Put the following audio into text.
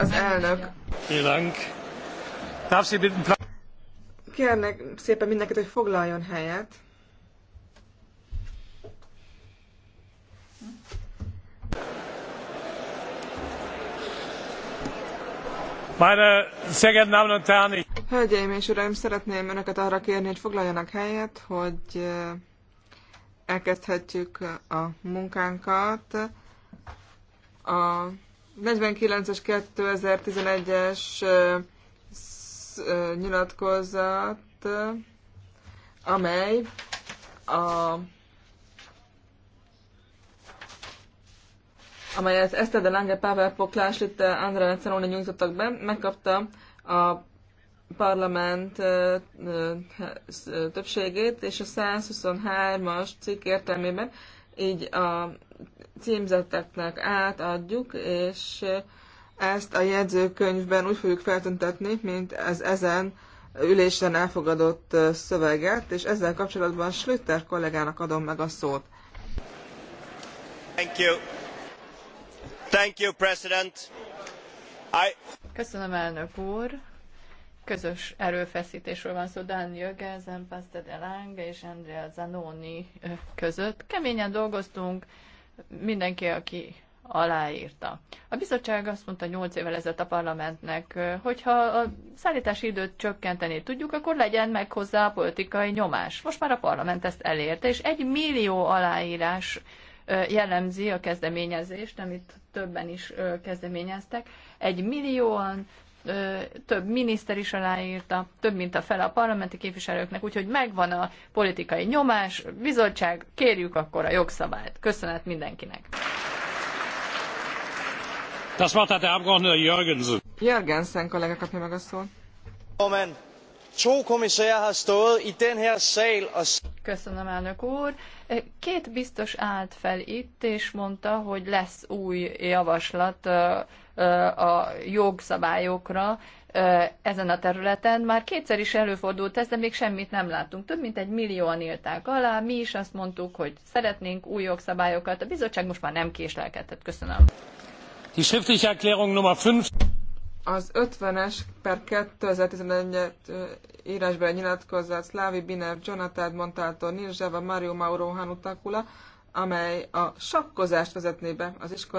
Az elnök. Kérnek szépen mindenkit, hogy foglaljon helyet. Meine sehr geehrten Damen und Herren, Hölgyeim és Uraim, szeretném Önöket arra kérni, hogy foglaljanak helyet, hogy elkezdhetjük a munkánkat. A 49-es 2011-es nyilatkozat, amely a amelyet Eszter de Lange, Pavel Poklás, Litte, André Lecenoni nyújtottak be, megkapta a parlament többségét, és a 123-as cikk értelmében így a címzetteknek átadjuk, és ezt a jegyzőkönyvben úgy fogjuk feltüntetni, mint ez ezen ülésen elfogadott szöveget, és ezzel kapcsolatban Schlüter kollégának adom meg a szót. Thank you. Thank you, President. I... Köszönöm, elnök úr közös erőfeszítésről van szó Dan Jögelsen, Pastor de Lange és Andrea Zanoni között. Keményen dolgoztunk, mindenki, aki aláírta. A bizottság azt mondta 8 évvel ezelőtt a parlamentnek, hogyha a szállítási időt csökkenteni tudjuk, akkor legyen meg hozzá a politikai nyomás. Most már a parlament ezt elérte, és egy millió aláírás jellemzi a kezdeményezést, amit többen is kezdeményeztek. Egy millióan több miniszter is aláírta, több mint a fele a parlamenti képviselőknek, úgyhogy megvan a politikai nyomás, bizottság, kérjük akkor a jogszabályt. Köszönet mindenkinek! Das war der Abgeordnete Jörgensen. Jörgensen kollega kapja meg a szót. Moment. Köszönöm, elnök úr. Két biztos állt fel itt, és mondta, hogy lesz új javaslat a jogszabályokra ezen a területen. Már kétszer is előfordult ez, de még semmit nem látunk. Több mint egy millióan írták alá, mi is azt mondtuk, hogy szeretnénk új jogszabályokat. A bizottság most már nem késlelkedhet. Köszönöm. Die schriftliche Erklärung Nummer 5. Az 50-es per 2011-et írásbeli nyilatkozat Slavi Binev, Jonathan Montalto, Nirzsava, Mario Mauro Hanutakula, amely a sakkozást vezetné be az iskolában.